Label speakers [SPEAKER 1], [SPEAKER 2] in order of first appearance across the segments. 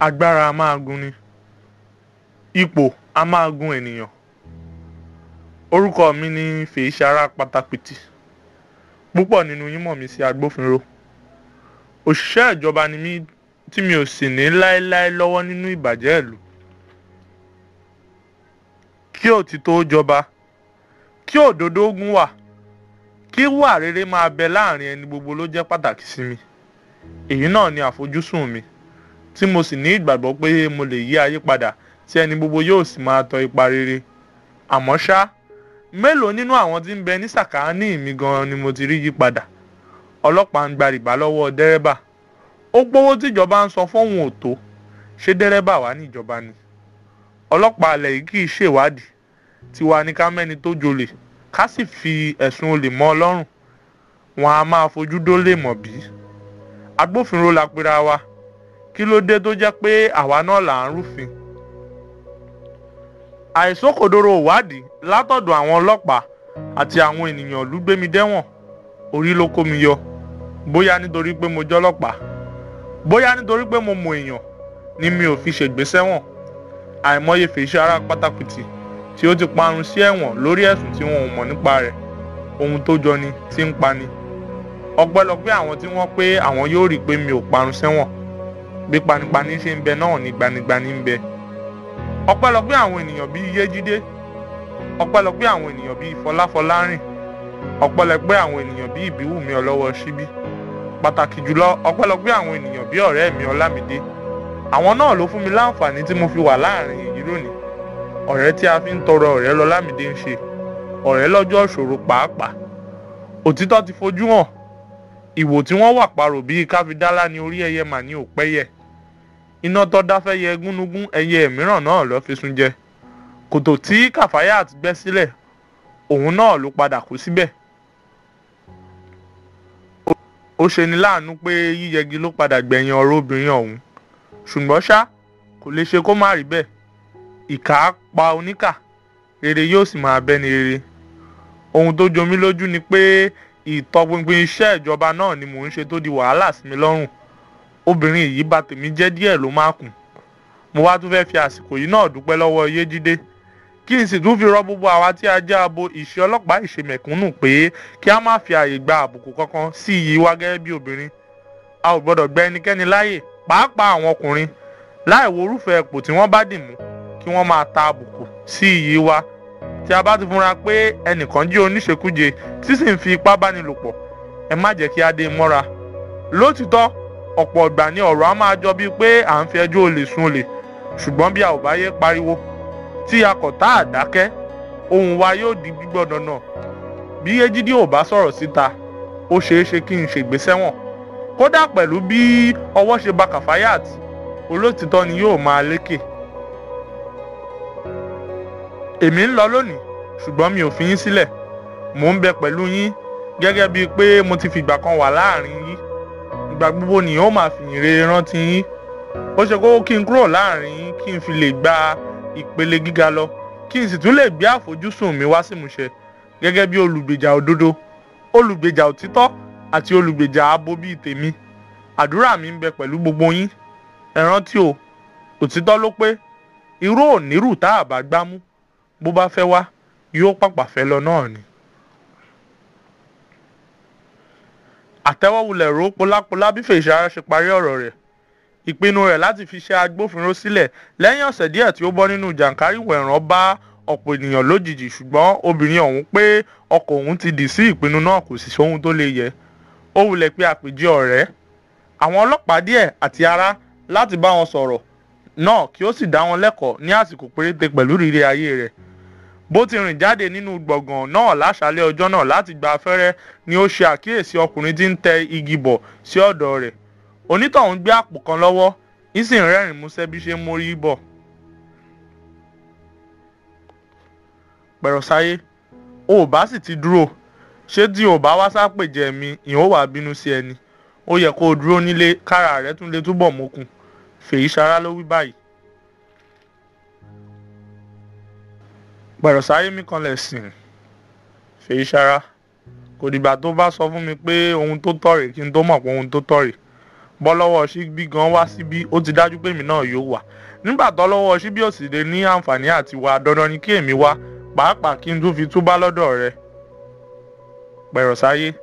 [SPEAKER 1] agbára a máa gun ni ipò a máa gun ènìyàn orúkọ mi ni fèyísàrà pátápìtì púpọ̀ nínú yín mọ̀ mí sí agbófinró òṣìṣẹ́ ìjọba ni mí tí mi ò sì ní láéláé lọ́wọ́ nínú ìbàjẹ́ ìlú kí òtítọ́ jọba kí òdodo ogun wà kí wà rere máa bẹ láàrin ẹni gbogbo ló jẹ́ pàtàkì sí mi èyí náà ni àfojúsùn mi tí mo sì ní ìgbàgbọ́ pé mo lè yí ayé padà tí ẹni gbogbo yóò sì máa tọ ipa rere àmọ́ ṣá mélòó nínú àwọn tí ń bẹ ní sàkáání mi gan ni mo ti rí yí padà ọlọ́pàá ń gba rìbá lọ́wọ́ dẹ́rẹ́bà ó gbowó tíjọba ń san fóun ò tó ṣé dẹ́rẹ́bà wà níjọba ni ọlọ́pàá alẹ̀ yìí kì í ṣèwádìí tiwa ní ká mẹ́ni tó jolè ká sì fi ẹ̀sùn olè mọ́ ọlọ́rùn wọn a máa fojú dólè mọ̀ bí agbófinró la pera wa kí ló dé tó jẹ́ pé àwa náà là ń rúfin àìsókòdoro ìwádìí látọ̀dọ̀ àwọn ọlọ́pàá àti àwọn ènìyàn ìlú gbé mi dẹ́wọ̀n orí ló kó mi yọ bóyá nítorí pé mo jọ́lọ́pàá bóyá nítorí pé mo mọ èèyàn ni mi ò fi ṣègbè sẹ́wọ̀n àìmọye fèsì ara pátákùtì tí ó ti parun sí ẹ̀wọ̀n lórí ẹ̀sùn tí wọn ò mọ̀ nípa rẹ̀ ohun tó jọ ni tí ń pani ọpẹ́lọpẹ́ àwọn tí wọ́n pé àwọn yóò rí i pé mi ò parun sẹ́wọ̀n bí panipani ṣe ń bẹ náà ni gbanigbani ń bẹ ọpẹ́lọpẹ́ àwọn ènìyàn bíi yéjídé ọpẹ́lọpẹ́ àwọn ènìyàn bíi fọláfọlárìn ọpẹ́lọpẹ́ àwọn ènìyàn bíi ìbíwùmí ọlọ́wọ́ síbí pàtàkì jùlọ ọpẹ́lọpẹ́ àwọn ènìyàn bíi ọ̀rẹ́ mi ọlámídé àwọn náà ló fún mi láǹfààní tí mo fi wà láàrin èyí lónìí ọ̀rẹ́ tí a fi ń tọrọ ọ̀rẹ́ lọlámídé ń ṣe ọ̀rẹ́ lọ́jọ́ ìṣòro pàápàá òtítọ́ ti fojú hàn ìwò tí wọ́n wà parò bíi káfíńdálá ní orí ẹyẹ mà ní òpẹ́yẹ iná tó dáfẹ́yẹ gúnugún ẹyẹ mìíràn náà ló fi sun jẹ kòtò tí Kafayat gbẹ́ sílẹ̀ òun náà ló padà kú síbẹ̀ ó ṣeni láàánú pé yíyẹgi ló padà gbẹ̀yìn ọ̀rọ̀ obìnrin ọ̀hún ṣùgbọ́n ṣá kò lè ṣe kó má rí bẹ́ẹ̀ ìkà pa oníkà rere yóò sì máa bẹ́ni rere ohun tó jomi lójú ni pé ìtọpinpin iṣẹ́ ìjọba náà ni mò ń ṣe tó di wàhálà sí mi lọ́rùn obìnrin yìí bà tèmi jẹ́ díẹ̀ ló má kùn mo wá tún fẹ́ fi àsìkò yìí náà dúpẹ́ lọ́wọ́ Yéjídé kí n sì tún fi rọ gbogbo àwa tí a jẹ́ abo ìṣe ọlọ́pàá ìṣèmẹ̀kúnnù pé kí a má fi àyè gba àbùkù kankan sí iyì wa gẹ́gẹ́ bí obìnrin a ò gbọ́dọ̀ gba ẹnikẹ́ni láàyè pàápàá àwọn ọkùnrin láì wo orúfẹ́ ipò tí wọ́n bá dì mú kí wọ́n máa ta àbùkù sí iyì wa tí a bá ti fúnra pé ẹnìkan jẹ́ oníṣekúje tí sì ń fi ipá báni lò pọ̀ ẹ má jẹ́ kí a dé mọ́ra lótìtọ́ ọ̀pọ̀ ọ̀gbà ni ọ̀rọ̀ á máa jọ bíi pé à ń fi ẹjọ́ olè sun olè ṣùgbọ́n bí a ò bá yé pariwo tí a kọ̀ tá à dákẹ́ wa yóò di gbígbọ́ dandan bí Yéjídé ò bá sọ̀rọ̀ síta ó ṣeé ṣe kí n ṣègbésẹ́wọ̀n kódà pẹ̀lú bí ọwọ́ ṣe ba Kàfáyàt olótìtọ́ ni yóò máa lékè èmi ń lọ lónìí ṣùgbọ́n mi ò fi yín sílẹ̀ mò ń bẹ pẹ̀lú yín gẹ́gẹ́ bíi pé mo ti fìgbà kan wà láàrin yín ìgbà gbogbo nìyẹn ó máa fi ìre rántí yín ó ṣe kókó kí n kúrò láàrin yín kí n fi lè gba ìpele gíga lọ kí n sì tún lè gbé àfojúsùn mi wá sí ìmúṣẹ gẹ́gẹ́ bí olùgbèjà òdodo olùgbèjà òtítọ́ àti olùgbèjà abo bíi tèmi àdúrà mi ń bẹ pẹ̀lú gbogbo yín ẹ rántí o òtítọ́ ló pé irú ònírù tá a bá gbámú bó bá fẹ́ wá yóò pàpà fẹ́ lọ náà ni. àtẹ́wọ́wulẹ̀ rò pọlápọlá bí Fèyíṣará ṣe parí ọ̀rọ̀ rẹ̀ ìpinnu rẹ̀ láti fi ṣe agbófinró sílẹ̀ lẹ́yìn ọ̀sẹ̀ díẹ̀ tí ó bọ́ nínú jàǹkárìwọ̀ ẹ̀ràn bá ọ̀pọ̀ ènìyàn lójijì ṣùgbọ́n obìnrin ọ̀hún pé ọkọ̀ òun ti dì sí ìpinnu náà kò sì sóhun tó lè yẹ ó wulẹ̀ pé àpèjẹ ọ̀rẹ́ àwọn ọlọ́pàá díẹ̀ àti ará láti bá wọn sọ̀rọ̀ náà kí ó sì dá wọn lẹ́kọ̀ọ́ ní àsìkò péréte pẹ̀lú rírí ayé rẹ̀ bó ti rìn jáde nínú gbọ̀ngàn náà láṣálẹ́ ọjọ́ náà láti gba afẹ́rẹ́ ni ó ṣe àkíyèsí ọkùnrin tí ń tẹ igi bọ̀ sí ọ̀dọ̀ rẹ̀ onítọ̀hún gbé àpò kan lọ́wọ́ ń sì ń rẹ́rìn músẹ́ bí ṣe ń mórí bọ̀. pẹ̀rọ̀sáyé o ò bá sì ti dúró ṣé tí o bá wá sápèjẹ mi ìhó wàá bínú sí ẹni ó yẹ kó o dúró nílé kára rẹ tún lè túbọ̀ mókun fèyí sara ló wí báyìí pẹ̀rọ̀sáyé mi kan lẹ̀ sìn fèyí sára kò dìgbà tó bá sọ fún mi pé ohun tó tọ̀ rèé kí n tó mọ̀ pé ohun tó tọ̀ rèé bọ́ lọ́wọ́ ṣíbí gan wá síbí ó ti dájú pé èmi náà yóò wà nígbà tó lọ́wọ́ ṣíbí ò sì lè ní àǹfààní àti wà dandan ni kí èmi wá pàápàá kí n tún fi túbá lọ́dọ̀ rẹ pẹ̀rọ̀sáyé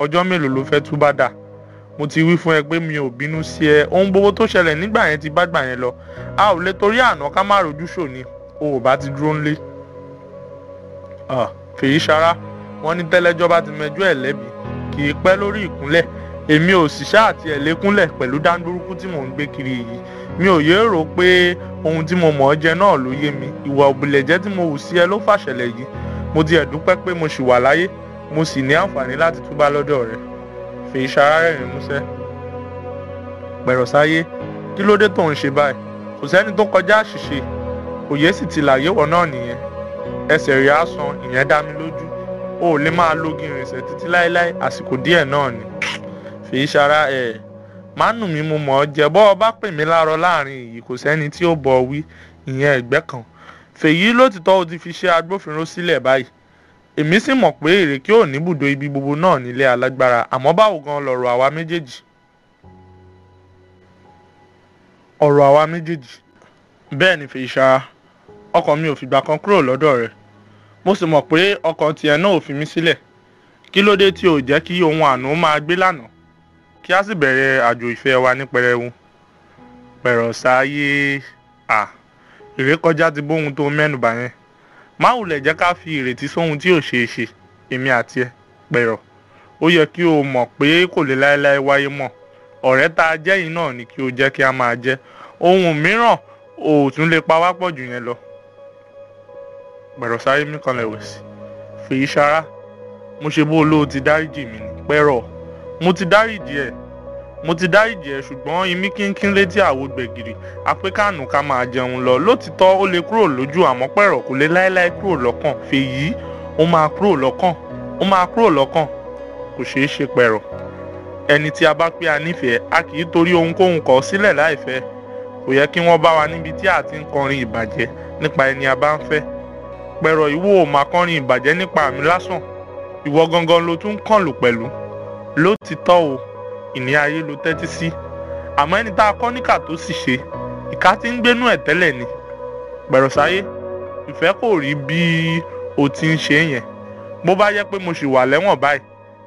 [SPEAKER 1] ọjọ́ mélòó ló fẹ́ túbá dà mo ti wí fún ẹ pé mi ò bínú sí ẹ ohun gbogbo tó ṣẹlẹ̀ nígbà yẹn ti bá gbà yẹn lọ a ò lè torí àná ká má rojú ṣò ni o ò bá ti dúró ńlé fèyí sara wọn ní tẹ́lẹ́jọ́ bá ti mẹjọ́ ẹ̀ lẹ́bi kì í pẹ́ lórí ìkúnlẹ̀ èmi ò sì ṣáà tiẹ̀ lékúnlẹ̀ pẹ̀lú dáńdúrúkú tí mò ń gbé kiri yìí mi ò yéé rò pé ohun tí mo mọ̀ ọ́ jẹ náà ló yé mi ìwà òbílẹ̀jẹ́ tí mo hù sí ẹ ló fàṣẹlẹ̀ yìí mo ti ẹ̀dúpẹ́ pé mo ṣì wà láyé mo sì ní àǹfààní láti túbá lọ́dọ̀ rẹ̀ fèyí sara rẹ̀rìn músẹ́ pẹ̀rọ̀sáyé kí ló dé tó ń ṣe báyìí kò sẹ́ni tó kọjá àṣìṣe òye sì ti làyéwọ̀ náà nìyẹn ẹsẹ̀ rí àsán ìyẹn dá mi lójú o ò lè máa lógi ìrìnsẹ̀ títí láéláé àsìkò díẹ̀ náà ni fi ṣara ẹ̀ mánù mi mo mọ̀ ọ́ jẹ́ bọ́ ọ bá pè mí láàárọ̀ láàrin yìí kò sẹ́ni tí ó bọ̀ wí ìyẹn ẹ̀gbẹ́ kan fèyí lótìtọ́ o ti fi ṣe agbófinró sílẹ̀ báyìí èmi sì mọ̀ pé ìrèké ò ní bùdó ibi gbogbo náà nílé alágbára àmọ́ báwo gan lọ̀rọ̀ àwa méjèèjì ọ̀rọ̀ àwa méjèèjì bẹ́ẹ̀ ni fèyí ṣara ọkàn mi ò fìgbà kan kúrò lọ́dọ̀ rẹ̀ mo sì mọ̀ pé ọkàn tiẹ̀ náà ò fi mí sílẹ̀ kí ló dé tí ò jẹ́ kí ohun àánú máa gbé lànà kí a sì bẹ̀rẹ̀ àjò ìfẹ́ wa ní pẹrẹwu pẹ̀rọ̀sáyé à ìrékọjá ti bóhun tó mẹ́nubà yẹn má wulẹ̀ jẹ́ ká fi ìrètí sóhun tí ò ṣeé ṣe èmi àti ẹ pẹ̀rọ̀ ó yẹ kí o mọ̀ pé kò lè láéláé wáyé mọ́ ọ̀rẹ́ tá a jẹ́ yìí náà ni kí o jẹ́ kí a máa jẹ́ ohun mìíràn ò tún lè pa wá pọ̀ jù yẹn lọ pẹ̀rọ sáré mi kan lẹ̀wẹ̀sì fèyí ṣara mo ṣe bó olóò ti dáríjì mi ní pẹ́rọ̀ mo ti dáríjì ẹ̀ mo ti dáríjì ẹ̀ ṣùgbọ́n imí kínkín létí àwo gbẹ̀gìrì apékànù ká máa jẹun lọ lótìtọ́ ó lè kúrò lójú àmọ́ pẹ̀rọ̀ kò lè láéláé kúrò lọ́kàn fèyí ó máa kúrò lọ́kàn ó máa kúrò lọ́kàn kò ṣeé ṣe pẹ̀rọ̀ ẹni tí a bá pé a nífẹ̀ẹ́ a kì í torí ohunkóhun kọ̀ sílẹ̀ láìfẹ́ kò yẹ kí wọ́n bá wa níbi tí a ti ń kọrin ìbàjẹ́ nípa ẹni a bá ń fẹ́ àpẹrọ ìwọ ò máa kọrin ìbàjẹ́ nípa àmì lásán ìwọ gangan ló tún kàn lù pẹ̀lú ló ti tọ́ o ìní ayé ló tẹ́tí sí àmọ́ ẹni tá a kọ́ níkà tó sì ṣe ìka ti ń gbénú ẹ̀ tẹ́lẹ̀ ni pẹ̀rọ̀sáyé ìfẹ́ kò rí bí o ti ń ṣe yẹn bó bá yẹ pé mo sì wà lẹ́wọ̀n báyìí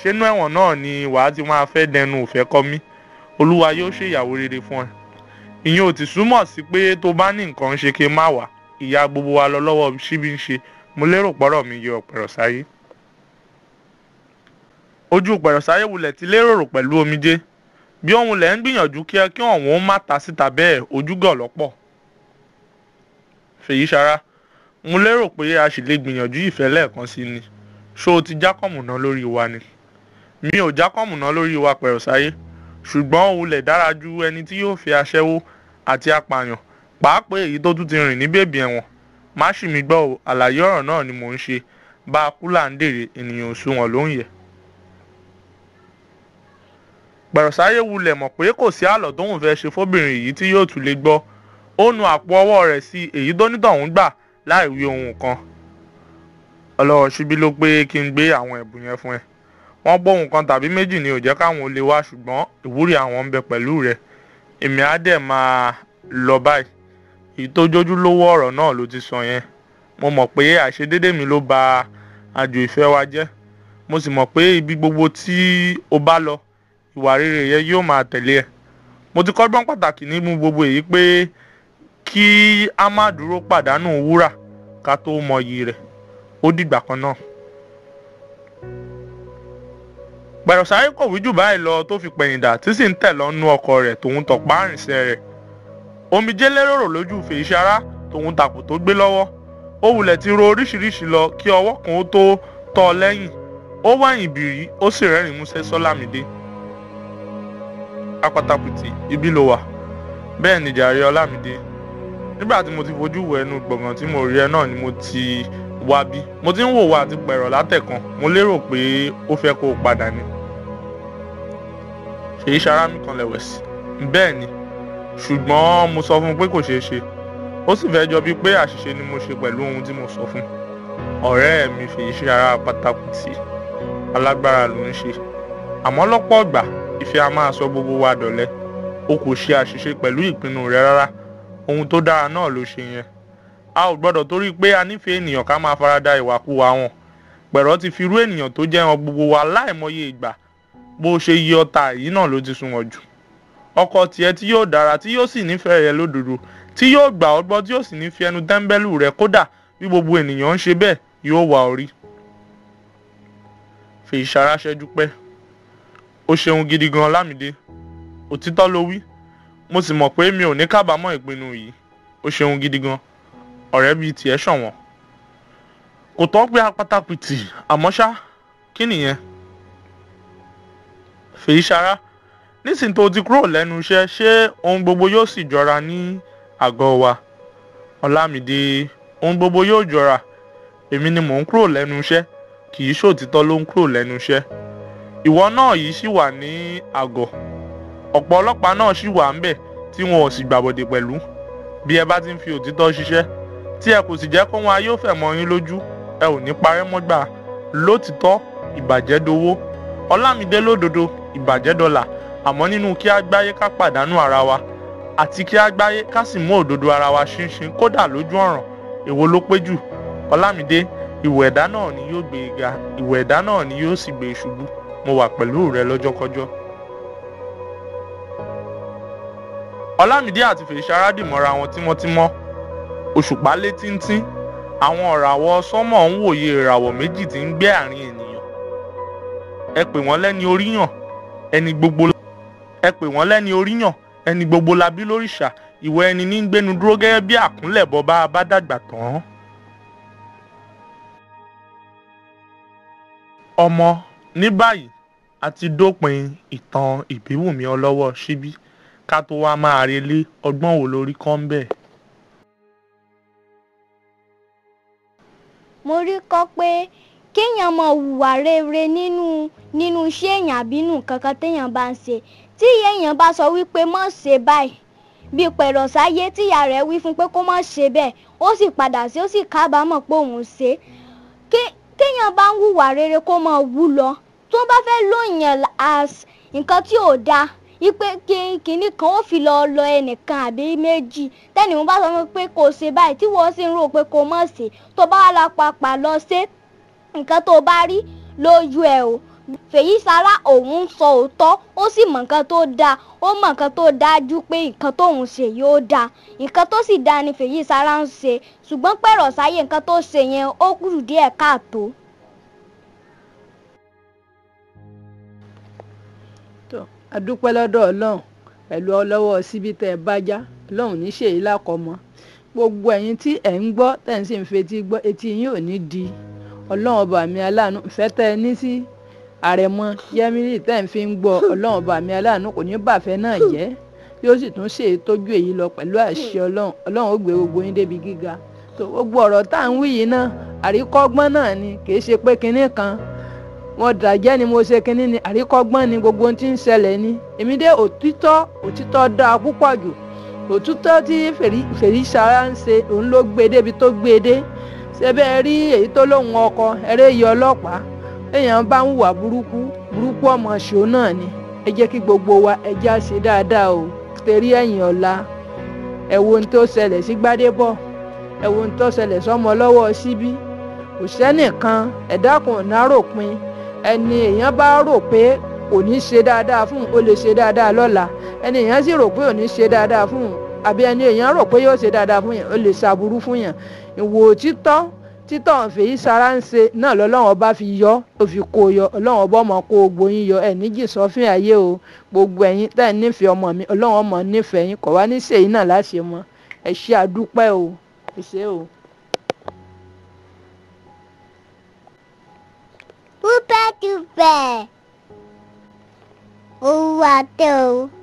[SPEAKER 1] ṣénú ẹ̀wọ̀n náà ni wàá ti máa fẹ́ dẹnu òfẹ́ kọ́ mí olúwa yóò ṣèyàwó rere fún ẹ ìyẹn ò ti súmọ̀ sí pé tó bá ní nǹkan ṣe kí n má wàá ìyá gbogbo wa lọ lọ́wọ́ ṣíbí ń ṣe mo lérò pọ́rọ̀ mi yọ ọ̀pẹ̀rọ̀ sáyé ojú ọ̀pẹ̀rọ̀ sáyé wulẹ̀ ti lérò rò pẹ̀lú omijé bí òun lẹ̀ ń gbìyànjú kí ẹ kí ọ̀hún má ta síta bẹ́ẹ̀ ojúgọ̀ lọ́pọ̀ fèyí sara mo lérò pé a sì lè gbìyànjú ìfẹ́ lẹ́ẹ̀kan sí ni ṣó o ti jákọ̀mù ná lórí wa ni mi ò jákọ̀mù ná lórí wa pẹ̀rọ̀ sáyé ṣùgbọ́n òun lẹ̀ dára ju ẹni tí yóò fi aṣẹ́wó àti apààyàn pàápàá èyí tó tún ti rìn ní bèbè ẹ̀wọ̀n má ṣì mí gbọ́ o àlàyé ọ̀rọ̀ náà ni mò ń ṣe bá a kú là ń dèrè ènìyàn òṣùwọ̀n ló ń yẹ. pẹ̀rọ̀sáyé wulẹ̀ mọ̀ pé kò sí àlọ́ tóun fẹ́ ṣe fóbìnrin yìí tí yóò tún lè gbọ́ ó nu àpò ọwọ́ rẹ̀ sí èyí tó nítọ̀hún gbà láì wí ohun kan ọlọ́wọ́ síbí ló pé kí n gbé àwọn ẹ̀bùn yẹn fún ẹ wọ́n gbọ́ ohun kan tàbí méjì ni ò jẹ́ káwọn olè wá ṣùgbọ́n ìwúrí àwọn ń bẹ pẹ̀lú rẹ̀ èmi á dẹ̀ máa lọ báyìí ìtójójúlówó ọ̀rọ̀ náà ló ti sọ yẹn mo mọ̀ pé àìṣedédé mi ló ba àjò ìfẹ́ wa jẹ́ mo sì mọ̀ pé ibi gbogbo tí o bá lọ ìwà rere yẹn yóò máa tẹ̀lé ẹ mo ti kọ́gbọ́n pàtàkì nínú gbogbo èyí pé kí a má dúró pàdánù wúrà ká tó mọyì rẹ̀ ó dìgbà kan náà. pẹ̀rọ̀sáyé kọ̀wé jù báyìí lọ tó fi pẹ̀yìndà tí sì ń tẹ̀ lọ́nú ọkọ rẹ̀ tòun tọ̀pá àrìnṣẹ́ rẹ̀ omijé lérò lójú fèyíṣará tòun tàpò tó gbé lọ́wọ́ ó wulẹ̀ ti ro oríṣiríṣi lọ kí ọwọ́ kan ó tó tọ́ ọ lẹ́yìn ó wẹ̀yìn bìrí ó sì rẹ́rìn músẹ́ sọ́lámídé apatapùtì ibi ló wà bẹ́ẹ̀ ni jàre ọlámídé nígbà tí mo ti fojú wo ẹnu gbọ̀ngàn tí mo rí ẹ náà ni mo ti wá bí mo ti ń wò wá àti pẹ̀rọ̀ látẹ̀kan mo lérò pé ó fẹ́ kó o padà ni ṣèyí ṣara mi kan lẹ̀wẹ̀sì bẹ́ẹ̀ ni ṣùgbọ́n mo sọ fún un pé kò ṣeé ṣe ó sì fẹ́ jọ bíi pé àṣìṣe ni mo ṣe pẹ̀lú ohun tí mo sọ fún un ọ̀rẹ́ mi fèyí ṣe ara pátákùtì alágbára ló ń ṣe àmọ́ lọ́pọ̀ ọ̀gbà ìfẹ́ a máa sọ gbogbo wa dọ̀lẹ o kò ṣe àṣìṣe pẹ̀lú ìpinnu rẹ rárá ohun tó dára náà ló ṣe yẹn a ò gbọ́dọ̀ torí pé a nífẹ̀ẹ́ ènìyàn ká máa farada ìwàkuwà wọn pẹ̀rọ ti fi ènìyàn tó jẹ́ wọn gbogbo wa láìmọye ìgbà bó ṣe yí ọta yìí náà ló ti sunwọ̀n jù ọkọ tiẹ̀ tí yóò dára tí yóò sì nífẹ̀ẹ́ rẹ lódodo tí yóò gbà ọ́ gbọ́ tí yóò sì ní fi ẹnu tẹ́ńbẹ́lú rẹ kódà bí gbogbo ènìyàn ń ṣe bẹ́ẹ̀ yóò wà ọ́ rí. fèyí dúpẹ́ o ṣeun gidi gan lámìdé òtítọ́ ló wí mo sì mọ̀ pé mi ò ní kábàámọ̀ ìpinnu yìí o ṣeun gidi gan ọ̀rẹ́ bíi tiẹ̀ ṣọ̀wọ́n kò tọ́ pé apátápìtì àmọ́ kí nìyẹn fèyí ṣará nísìnyí tó ti kúrò lẹ́nu iṣẹ́ ṣé ohun gbogbo yóò sì jọra ní àgọ́ wa ọlámìdí ohun gbogbo yóò jọra èmi ni mò ń kúrò lẹ́nu iṣẹ́ kì í ṣòtítọ́ ló ń kúrò lẹ́nu iṣẹ́ ìwọ náà yìí sì wà ní àgọ́ ọ̀pọ̀ ọlọ́pàá náà sì wà ńbẹ̀ tí wọn ò sì gbàbọ̀dè pẹ̀lú bí ẹ bá ti ń fi òtítọ́ ṣiṣẹ́ tí ẹ kò sì jẹ́ kó wọn ayé òfẹ́ mọ́ yín lójú ẹ ò ní parẹ́ mọ́gbà lótìtọ́ ìbàjẹ́ dowó ọlámídé lódodo ìbàjẹ́ dọ́là àmọ́ nínú kí á gbáyé ká pàdánù ara wa àti kí á gbáyé ká sì mú òdodo ara wa ṣinṣin kódà lójú ọ̀ràn èwo ló pé jù ọlámídé ìwọ̀ ẹ̀dá náà ni yóò gbé e ga ìwọ̀ ẹ̀dá náà ni yóò sì gbé e ṣubú mo wà pẹ̀lú rẹ lọ́jọ́kọ́jọ́. ọlámídé àti fèyíṣẹ́ aládìmọ́ra wọn tímọ́tímọ́ òṣùpá lé tíntín àwọn ọ̀ràwọ̀ sọ́mọ̀ ń wòye ìràwọ̀ méjì tí ń gbé àárín ènìyàn ẹ pè wọ́n lẹ́ni oríyàn ẹni gbogbo ẹ pè wọ́n lẹ́ni oríyàn ẹni gbogbo la bí lóríṣà ìwọ ẹni ní gbénu dúró gẹ́gẹ́ bí àkúnlẹ̀bọ bá a bá dàgbà tán. ọmọ ní báyìí a ti dópin ìtàn ìbíwùnmí ọlọ́wọ́ síbí ká tó wá máa relé ọgbọ́n wo lórí kan bẹ́ẹ̀. mo
[SPEAKER 2] rí kọ́ pé kéèyàn máa hùwà rere nínú nínú iṣẹ́ èèyàn àbínú kankan téèyàn bá ń ṣe tí èèyàn bá sọ wípé mọ̀ ṣe báyìí bí pẹ̀rọ̀ sáyé tíyà rẹ̀ wí fún pé kó mọ̀ ṣe bẹ́ẹ̀ ó sì padà sí ó sì kábàámọ̀ pé òun ṣe kéèyàn bá ń hùwà rere kó máa wú lọ tó bá fẹ́ lóyìn as nǹkan tí ò dáa ipe kìnìún kan ó fi lọ lọ ẹnìkan àbí méjì tẹ́ni mo bá sọ fún pé kò ṣe báyìí tí wọ́n sì ń rò pé kò mọ̀ ṣe tó bá wà lápapà lọ ṣe nǹkan tó bá rí lójú ẹ o fèyí sara òun sọ òótọ́ ó sì mọ̀ nǹkan tó dáa ó mọ̀ nǹkan tó dájú pé nǹkan tóun ṣe yóò dáa nǹkan tó sì dáa ni fèyí sara ń ṣe ṣùgbọ́n pẹ̀rọ̀ sáyé nǹkan tó ṣe yẹn ó kúrú díẹ̀ káàtó. tó adúpẹ́ lọ́dọ̀ ọlọ́run pẹ̀lú ọlọ́wọ́ síbi tẹ́ ẹ bá já ọlọ́run ní ṣèyí lákọ̀ọ́mọ́ gbogbo ẹ̀yin tí ẹ̀ ń gbọ́ tẹ̀ ń sì ń fetí gbọ́ etí yín ò ní di ọlọ́run ọba mi aláàánú ìfẹ́ tẹ́ ẹ ní sí àrẹ̀mọ yẹmírí tẹ́ ń fi ń gbọ́ ọlọ́run ọba mi aláàánú kò ní bàfẹ́ náà jẹ́ yóò sì tún ṣe tójú èyí lọ pẹ̀lú àṣẹ ọlọ́run ọlọ́run ó gbé gbogbo yín débi gíga tó gbogbo ọ̀rọ̀ tá à ń wí yìí náà àríkọ́gbọ́n náà ni kì í ṣe pé kinní kan wọn dàjẹ́ ni mo ṣe kinní ni àríkọ́gbọ́n ni gbogbo ohun tí ń ṣẹlẹ̀ ni èmi dé òtítọ́ òtítọ́ dáa púpọ̀ jù òtítọ́ tí fèrìṣà ń ṣe òun ló gbé débi tó gbé dé ṣe bẹ́ẹ̀ rí èyí tó lóun ọkọ ẹ̀rẹ́ yìí ọlọ́pàá èèyàn bá ń hùwà burúkú burúkú ọmọ ṣòó náà ni ẹ jẹ́ kí gbogbo wa ẹ já ṣe dáadáa o torí ẹ̀yìn ọ̀la ẹ wo ohun tó ṣẹlẹ̀ sí Gbádébọ̀ ẹ wo ohun tó ṣẹlẹ̀ sọ́mọ lọ́wọ́ síbí kò sẹ́nìkan ẹ̀dákùn náròpin ẹni èèyàn bá rò pé kò ní ṣe dáadáa fún un ó lè ṣe dáadáa lọ́la ẹni èèyàn sì rò pé ò ní ṣe dáadáa fún un àbí ẹni èèyàn rò pé yóò ṣe dáadáa fún yàn ó lè ṣàbùrú fún yàn ìwò òtítọ́ títàn fèyí sara ń ṣe náà lọ́lọ́run ọba fi yọ ó fi kó yọ ọlọ́run ọba ọmọ kó gbogbo yín yọ ẹ̀ níjì sọ́fìn ayé o gbogbo ẹ̀yin tẹ́ ẹ̀ nífẹ̀ẹ́ ọmọ mi ọlọ́run ọmọ nífẹ̀ẹ́ yín kọ̀ wá ní sèyí náà láṣẹ mọ́ ẹ ṣé àdúpẹ́ o ẹ ṣé o. wúpẹ́tùpẹ́ òun wà tẹ́ o.